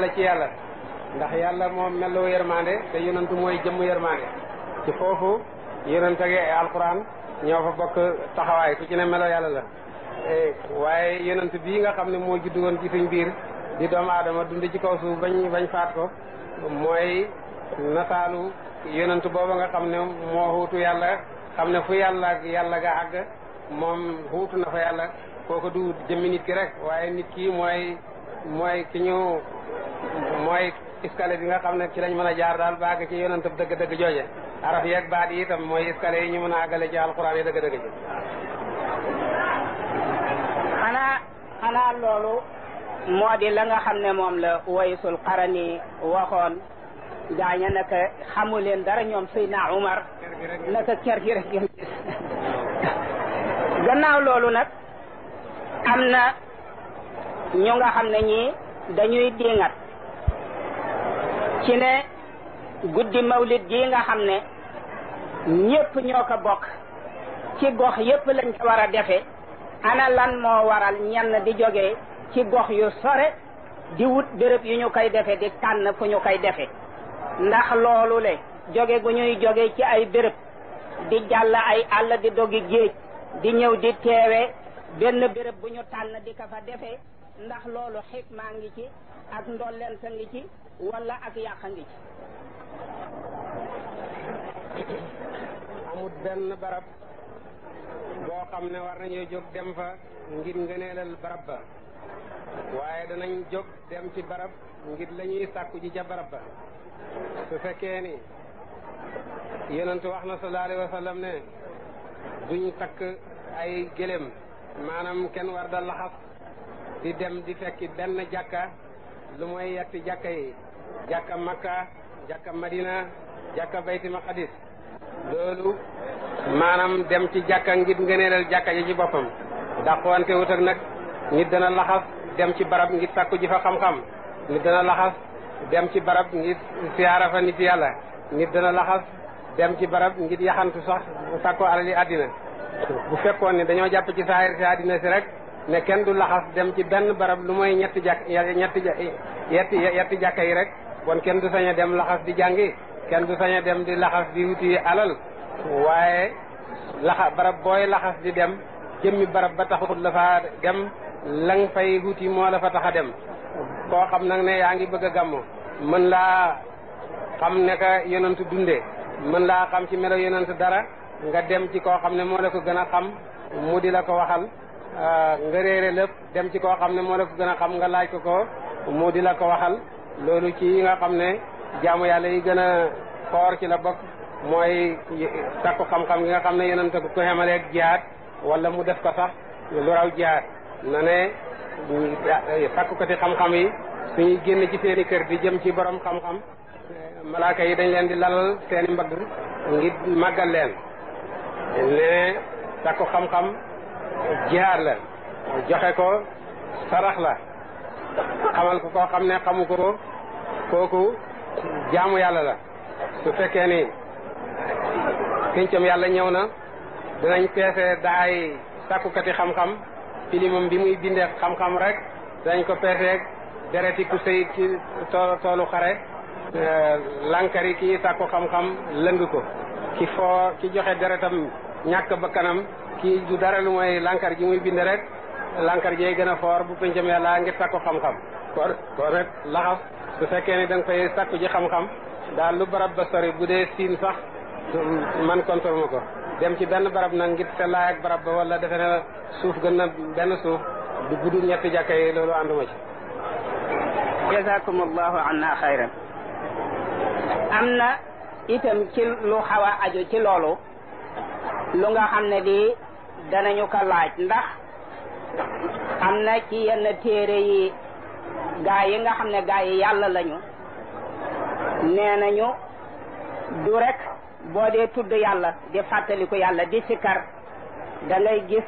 la ci yàlla ndax yàlla moom meloo yërmande te yonantu mooy jëmm yërmande ci foofu yonant ak alquran ñoo fa bokk taxawaay ku ci ne meloo yàlla la e, waaye yonant bii nga xam ne moo juddu woon ci suñ biir di doomu aadama dund ci kaw suuf bañ bañ faat ko mooy nataalu yonant booba nga xam ne moo xuutu yàlla xam ne fu yàlla ak yàlla ga àgg moom xuutu na fa yàlla kooku du jëmmi nit ki rek waaye nit ki mooy mooy ki ñu mooy iskale bi nga xam ne ci lañ mën a jaar daal baag ci yonent bi dëgg-dëgg jooje araf yeeg baat yi itam mooy iskale yi ñu mën a àggale ci alxuraan yi dëgg-dëgg ji xanaa xanaa loolu moo di la nga xam ne moom la waysul qarani waxoon gaaña naka xamu leen dara ñoom Seydina Umar naka ker gi rek ngeen gannaaw loolu nag am na ñu nga xam ne ñi dañuy diŋat ci ne guddi mawlid gi nga xam ne ñépp ñoo ko bokk ci gox yépp lañ ko war a defe ana lan moo waral ñenn di jóge ci gox yu sore di wut béréb yu ñu koy defe di tànn fu ñu koy defe ndax loolu le jóge gu ñuy jóge ci ay béréb di jàll ay àll di doggi géej di ñëw di teewe benn béréb bu ñu tànn di ko fa defe ndax loolu xikmaa ngi ci ak ndollenta ngi ci walla ak yàqa ngi ci amut benn barab boo xam ne war nañoo jóg dem fa ngir ngëneelal barab ba waaye danañ jóg dem ci barab ngir lañuy sàkku ci ca barab ba su fekkee ni yonent wax na sallallahu alayhi wa sallam ne duñ takk ay gëléem maanaam kenn war da laxas di dem di fekki benn jàkka lu mooy yetti jàkka yi jàkka makka jàkka madina jàkka bayti maqadis loolu maanaam dem ci jàkka ngir ngëneelal jàkka ji ci boppam dàqwante wut ak nag nit dem ci barab ngir sàkku ji fa xam-xam nit dana laxas dem ci barab ngir siyaara fa nit yàlla nit dana laxas dem ci barab ngir yaxantu sax sàkku alali àddina bu fekkoon ne dañoo jàpp ci saayir si àddina si rek ne ken du laxas dem ci ben barab lu moy ñetti jak ñetti yetti yetti jakay rek kon ken du saña dem laxas di jangi ken du saña dem di laxas di wuti alal waye laxa barab boy laxas di dem jëmmi barab ba taxut la fa dem lang fay wuti mo la fa tax dem ko xam nak ne yaangi bëgg gamu man la xam ne ka yonentu dundé man la xam ci melo yonentu dara nga dem ci ko xamne mo la ko gëna xam mu di la ko waxal Ah, nga réere lépp dem ci koo xam ne moo la ko gën a xam nga laaj ko ko mu di la ko waxal loolu ci yi nga xam ne jaamu yàlla yi gën a xoor ci la bokk mooy takku xam-xam nga xam ne yonent ko xemaleeg jihaad wala mu def ko sax lu raw jihaad na ne takkukati xam-xam yi suñuy génn ci seeni kër di jëm ci borom xam-xam malaaka yi dañ leen di lalal seeni mbagg ngir màggal leen ne takku xam-xam jihaad la joxe ko sarax la xamal ko koo xam ne xamu ko kooku jaamu yàlla la su fekkee ni pincam yàlla ñëw na dinañ peese daay sàkkukati xam-xam filimam bi muy bindee xam-xam rek dinañ ko peeseeg dereti ku sëy ci toolu xare euh, lankari kii sàkku xam-xam lëng ko ki foo ki joxe deretam ñàkk bakkanam kii du dara lu mooy lankar gi muy bind rek lankar jee gën a foor bu pencam yàlla ngir sàkku xam-xam kon kon nag laxas su fekkee ne da nga fay sàkku ji xam-xam daal lu barab ba sori bu dee siin sax man kontor ma ko dem ci benn barab na ngir te laay ak barab ba wala defe ne suuf gën na benn suuf du gudd ñetti jàkka yi loolu ànduma ci jazakum allahu anna xayran am na itam ci lu xaw aju ci loolu lu nga xam ne di danañu ko laaj ndax am na ci yenn téere yi gaa yi nga xam ne gaa yi yàlla lañu nee nañu du rek boo dee tudd yàlla di fàttaliku yàlla di sikkar da ngay gis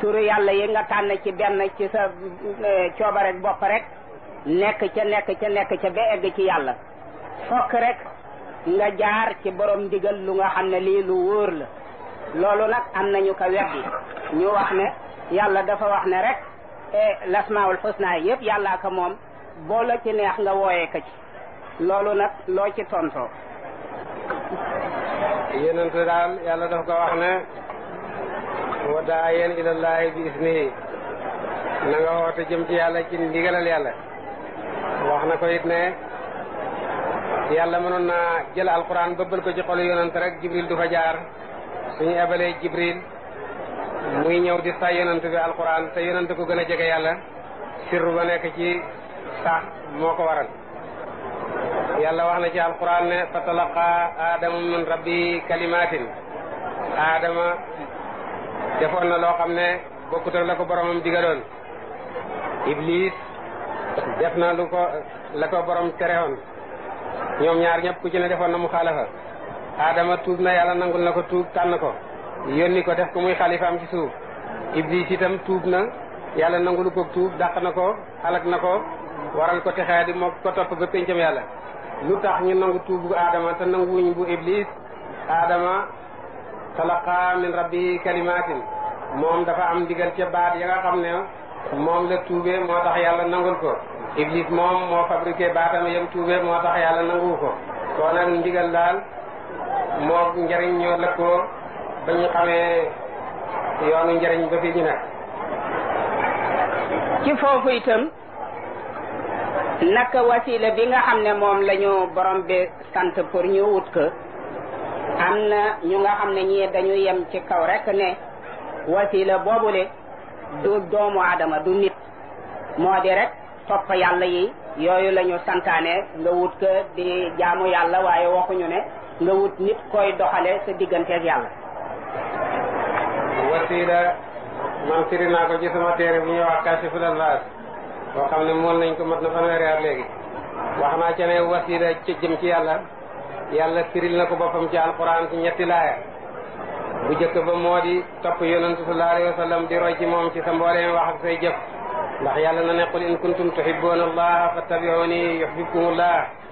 turu yàlla yi nga tànn ci benn ci sa e, coobare rek bopp rek nekk ca nekk ca nekk ca ba egg ci yàlla fokk rek nga jaar ci borom ndigal lu nga xam ne lii lu wóor la loolu nag am nañu ñu ko weddi ñu wax ne yàlla dafa wax ne rek e lasmaawul xusna yëpp yàllaa ko moom boo ci neex nga wooyee ko ci loolu nag loo ci tontoo yonent daal yàlla dafa ko wax ne wa daa yéen ilallaahi bi ismihi na nga woote jëm ci yàlla ci ndigalal yàlla wax na ko it ne yàlla mënoon naa jël alquran bëbbal ko ci xolu yonent rek jibril du fa jaar suñu ebalee jibril muy ñëw di sa yonent bi alquran te yonent ko gën a jege yàlla sirru ba nekk ci sax moo ko waral yàlla wax na ci alquran ne fa talaqa aadama min rabbi kalimatin aadama defoon na loo xam ne bokkut ak la ko boromam digaloon iblis def na lu ko la ko borom terewoon ñoom ñaar ñëpp ku ci ne defoon na mu xaalafa Adama tuub na yàlla nangul na ko tuub tànn ko yónni ko def ko muy xalifaam ci suuf Iblis tam tuub na yàlla nangulu ko tuub dàq na ko alak na ko waral ko texee di moo ko topp ba pencam yàlla lu tax ñu nangu tuub bu Adama te nanguwuñ bu Iblis Adama talaqa min rabbi kalimatin moom dafa am ndigal ca baat ya nga xam ne moom la tuubee moo tax yàlla nangul ko Iblis moom moo fabriqué baatam yam tuubee moo tax yàlla nanguwu ko soo nag ndigal daal moo njariñ ñoo lëkkoo ba ñu xamee yoonu njëriñ ba fi ñu nekk ci foofu itam naka wasila bi nga xam ne moom la borom bi sant pour ñu wut ko am na ñu nga xam ne ñii dañu yem ci kaw rek ne wasila boobule du doomu aadama du nit moo di rek topp yàlla yi yooyu lañu santaane nga wut ko di jaamu yàlla waaye waxuñu ne nga wut nit koy doxale sa digganteeg yàlla wasiila man firi naa ko ci sama téere bu ñuy wax kaasiful albaas boo xam ne mool nañ ko mat na fanweeri at léegi wax naa ca wasiila ci jëm ci yàlla yàlla firil na ko boppam ci alquran ci ñetti laaya bu jëkk ba moo di topp yonentu sallallahu alayhi wa di roy ci moom ci sa mbooleem wax ak say jëf ndax yàlla na ne qul in kuntum tuhibbuuna allaha fattabi'uuni yuhbibkumullah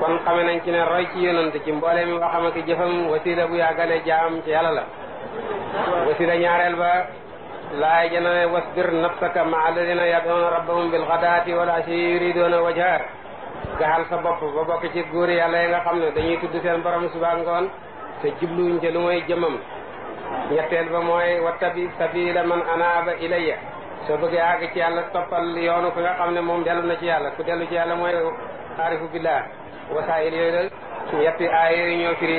kon xame nañ ci ne roy ci yonent ci mboole mi waxam ak jëfam wasila bu yàggale jaam ci yàlla la wasila ñaareel ba laay jana wasbir nafsaka ma alladina yadoona rabbahum bil xadaati wala si yuridoona wajha gaxal sa bopp ba bokk ci góor yàlla yi nga xam ne dañuy tudd seen borom suba ngoon te jibluñ ca lu mooy jëmam ñetteel ba mooy wattabi sabila man anaaba ilayya soo bëggee àgg ci yàlla toppal yoonu ko nga xam ne moom dellu na ci yàlla ku dellu ci yàlla mooy aarifu billah wasaayil yooyu la ñetti aay yooyu ñoo firi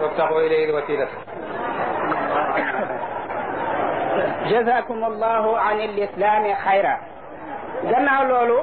wabtaxoo ilayhi wasilata jazakum allahu an al islami xayra gannaaw loolu